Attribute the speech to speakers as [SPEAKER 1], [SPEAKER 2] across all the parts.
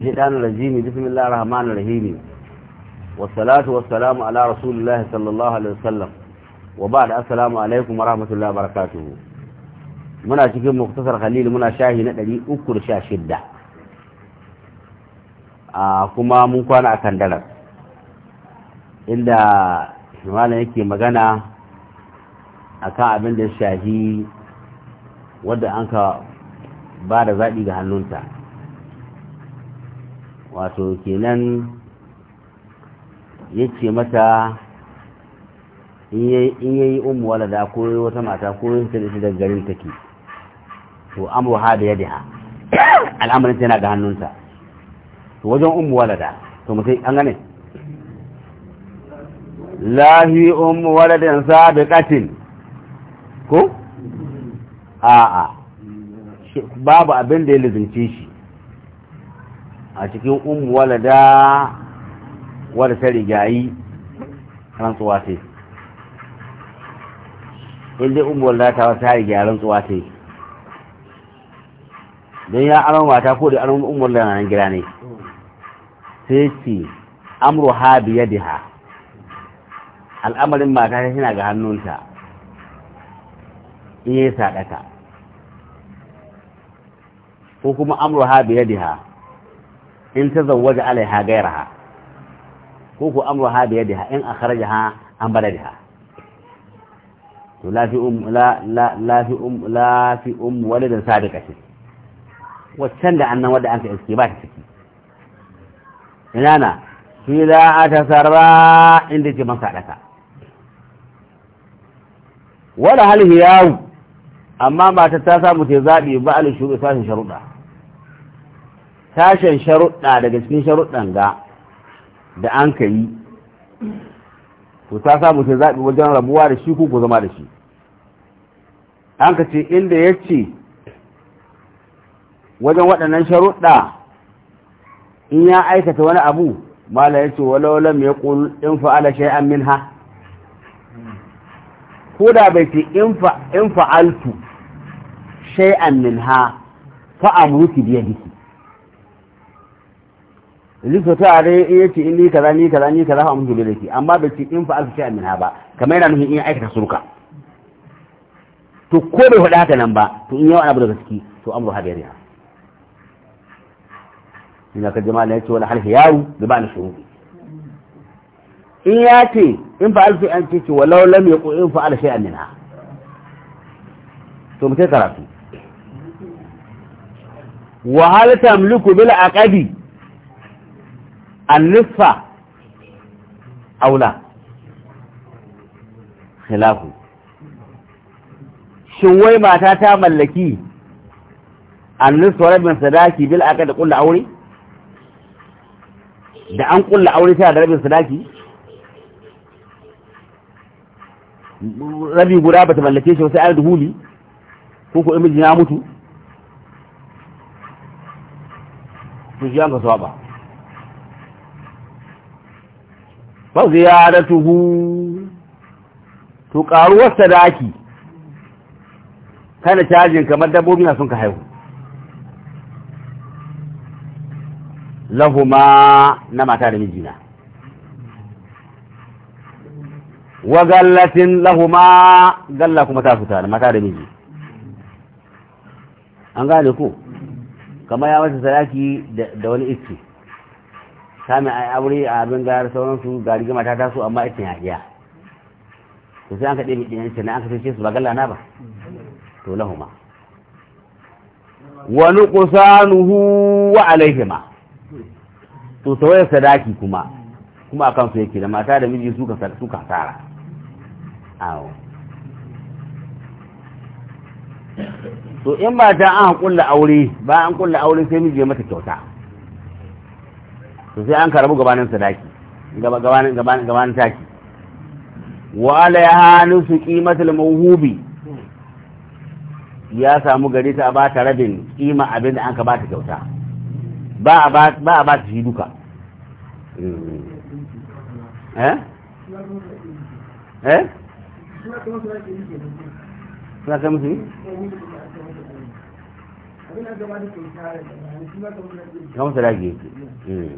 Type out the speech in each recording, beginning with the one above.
[SPEAKER 1] الشيطان الرجيم بسم الله الرحمن الرحيم والصلاة والسلام على رسول الله صلى الله عليه وسلم وبعد السلام عليكم ورحمة الله وبركاته muna cikin muktasar khalil muna shahi na 316 a kuma mun kwana a kan inda malam yake magana akan abin da shahi wadda an ka ba da ga hannunta wato kenan ya ce mata in yayi umu walada ko wata mata ko yin ta da daga garin take to amru ha da ha. al'amarin yana da hannunta to wajen umu walada to mutai an gane lahi umu waladin sabiqatin ko a'a babu abin da ya lizince shi a cikin ummu walada wadda ta rigayi rantsuwa ce in dai ummu walada ta wata rigayi rantsuwa ce don ya aron wata ko da aron umu walada na gida ne sai ce amru ha biya ha, al'amarin mata ta tana ga hannunta in sadaka ko kuma amru ha biya ha. in ta zawaja alaiha gairaha ko ku amruha bi yadiha in akhrajaha an baladiha to la fi um la la la fi um la fi um walidan sadiqa ce waccan da annan wadda an ka iske ba ta ciki ina na fi la atasarra inda ce man sadaka wala hal hiyawu amma mata ta samu ta zabi ba al shuru sashin sharuda sashen sharuɗa daga cikin sharuɗan ga da an ka yi to ta samu sai zaɓi wajen rabuwa da shi ko zama da shi an ka ce inda ya ce wajen waɗannan sharuɗa in ya aikata wani abu mala ya ce walawalam ya ƙul in fa'ala shay'an min ha ko da bai ce in fa'altu shay'an min ha fa'amuru ki biya diki liso ta are ya ce in ni kaza ni kaza ni kaza fa mun da shi amma bai ce in fa alfa shay'an minha ba kamar yana nufin in aikata suruka. to ko bai faɗa haka nan ba to in yawa abu daga ciki to amru ha ha ina ka jama'a ne ce wala hal yaru da ba na shuru in ya ce in fa alfa an ce walau lam yaqu in fa alfa shay'an minha to mu kai karatu wa hal tamliku bil aqabi annifa aula khilafu shin wai mata ta mallaki annifa rabin sadaki bil aka da kulla aure da an kulla aure ta da rabin sadaki rabi guda bata mallake shi sai an duhuli ko ko imiji ya mutu to ji an ka saba fa ziyaratuhu to karuwar sadaki kana cajin kamar dabbobi sun ka haihu lahuma na mata da mijina wa gallatin lahuma galla kuma ta fita mata da miji an gane ko kama ya mata sadaki da wani iske sami a aure a abin gayar sauransu ga rigima ta taso amma ita ya iya to sai an ka ɗebe ɗin ita na an ka fice su ba galla na ba to lahuma wa nuqsanuhu wa alaihima to tawayar sadaki kuma kuma akan su yake da mata da miji su suka tsara awo to in ba ta an kulla aure ba an kulla aure sai miji ya mata kyauta to sai an karabu gabanin sadaki gabanin gabanin taki wa ala ya hannu su kimatul mawhubi ya samu gari ta ba ta rabin kima abin da an ka ba ta kyauta ba a ba ta shi duka eh eh suna kai musu yi yake hmm.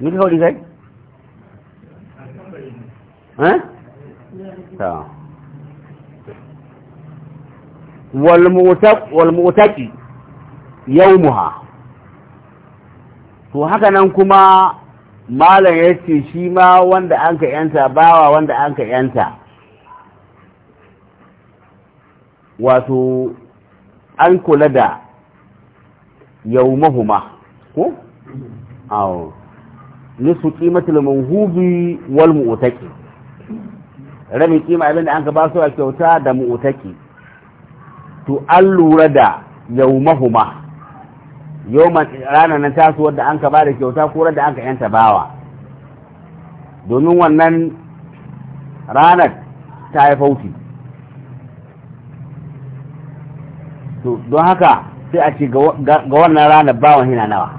[SPEAKER 1] ni ka kauri kai? eh? ta walmutaki yawmuha to haka nan kuma malam ya ce shi ma wanda an ka yanta bawa wanda an ka yanta wato an kula da yawmahuma ko? awo nisu qimatul manhubi wal mu'taki rabin kima abin da an ka ba su a kyauta da mutaki, to an lura da yawmahuma yawman ranar nan tasu wadda an ka ba da kyauta ko da an ka yanta bawa domin wannan ranar ta yi fauti don haka sai a ce ga wannan ranar bawan hina nawa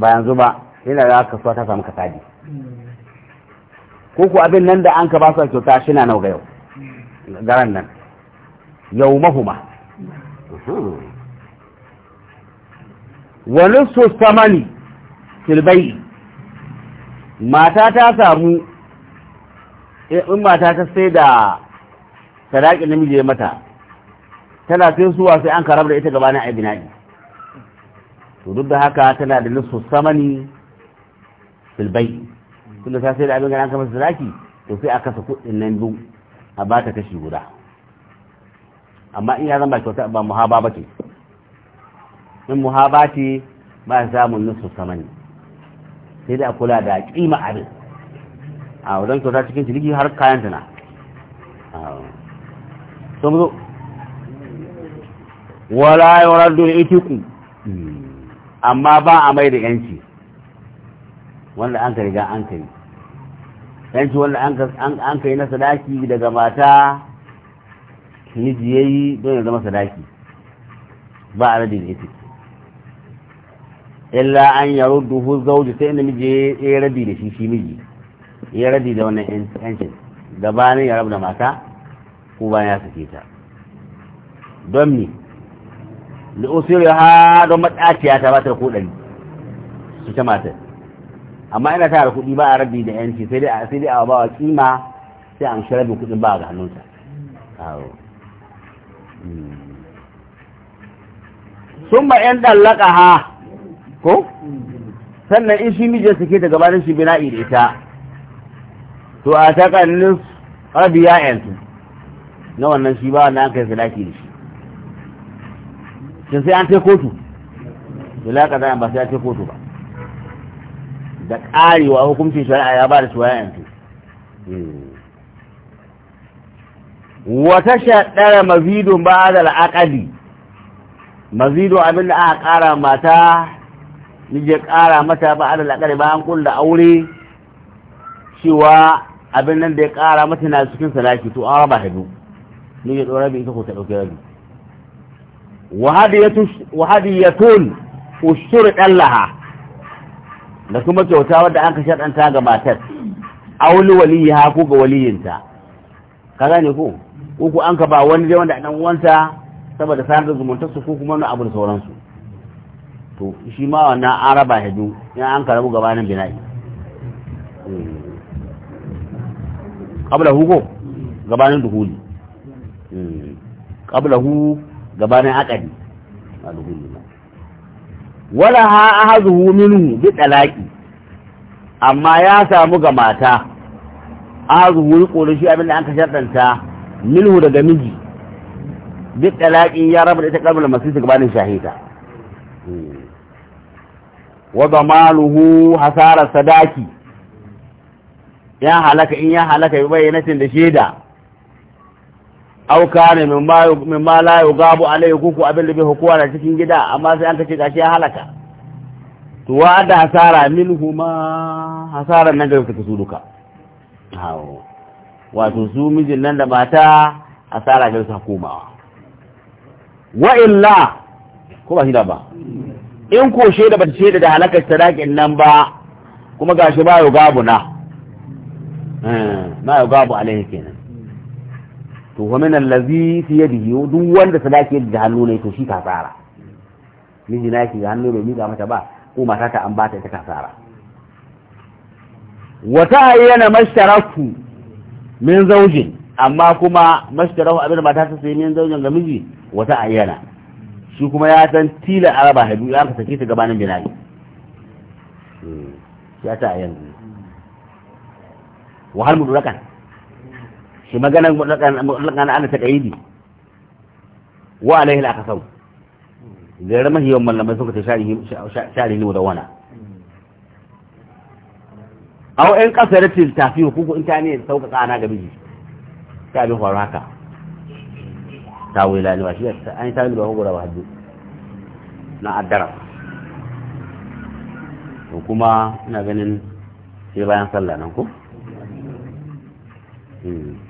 [SPEAKER 1] ba yanzu ba yana da kasuwa ta samu kasadi koko abin nan da an ka ba su a kyauta shi na nau ga yau garan nan yau mahuma wani su samani silbai mata ta samu eh, in mata ta sai da sadaƙi namiji ya mata tana sai suwa sai an karar da ita gabanin aibinaji to duk da haka tana da nisu samani filbai tunda ta sai da abin ganin kamar sadaki to sai a kasa kudin nan biyu a ba ta kashi guda amma in ya zama kyauta ba muhaba ba ce in muhaba ce ba samun nusu samani sai da a kula da kima abin a wajen kyauta cikin ciniki har kayan tana sun zo wala yawar dole itiku amma ba a mai da yanci wanda an ka riga an ka yi yanci wanda an ka yi na sadaki daga mata miji ya yi don ya zama sadaki ba a radin ita illa an ruddu hu zauji sai inda miji ya yi rabi da shi shi miji ya rabi da wannan yancin gabanin ya rabu da mata ko bayan ya sake ta don mi da usiri ha don matsaciya ta ba ta dari su ta matar amma ina tara kuɗi ba a rabi da yanci sai dai sai dai a ba wa kima sai an shirabi kuɗin ba ga hannunta sun ba yan ɗallaka ha ko sannan in shi mijin ke daga gabanin shi bina da ta to a takannin rabi ya yanzu na wannan shi ba wannan kai yi filaki da shi sai sai an ta kotu bila ka zai ba sai an ta kotu ba da karewa hukuncin shari'a ya ba da su wayan wata shaɗara mazidun ba da al'aƙali mazidun abinda aka ƙara mata nije ƙara mata ba da ba an kulla aure cewa abin nan da ya ƙara mata na cikin salaki to an raba hadu nije tsoron bi ita ko ta ɗauki rabi wahadiyatun ushur ɗallaha da kuma kyauta wadda an ka shaɗanta ga matar auli ha ko ga waliyinta ka gane ko ku an ka ba wani dai wanda dan uwansa saboda sanar da su, ko kuma wani abu da sauransu to shi ma wannan an raba hajju in an karabu gabanin bina'i ƙablahu eh. ko gabanin duhuli ƙablahu eh. gabanin akadi a duhuli wala ha ahazuhu minhu bi talaqi amma ya samu ga mata ahazuhu riko shi abinda an ka shaddanta minhu daga miji bi talaqi ya rabu da ita kalmar masisi gabanin shahida wa damaluhu hasara sadaki ya halaka in ya halaka bi bayyanatin da shaida auka ne min ma la a laye kuku abin da bai hukuwa da cikin gida amma sai an kace gashi ya halaka to wa da hasara min huma hasara nan da suka su duka wato su mijin nan da mata hasara ga su komawa wa illa ko ba shi da ba in ko da ba ta shaida da halakar sadakin nan ba kuma gashi ba yugabu na ma eh, yugabu alai kenan to wa min allazi fi yadihi duk wanda sadaki da hannu ne to shi ka tsara miji na shi hannu bai miƙa mata ba ko mata ta an bata ita ka tsara wa ayyana mashtaraku min zaujin amma kuma mashtaraku abin mata ta sai min zaujin ga miji wa ayyana. shi kuma ya san tila araba hadu ya ka sake ta gabanin binani hmm, ya ayyana wa hal mudrakan shi maganar mutlakan ana ta kaidi wa alaihi al kasau. gare mahi yawan mallamai suka ta ne da wana aw da kasaratil tafi hukuku in ta ne sauka tsana ga miji ta abin faru haka ta wuyi ne ba shi an ta bi ba ba hajji? na addara to kuma ina ganin sai bayan sallah nan ko hmm.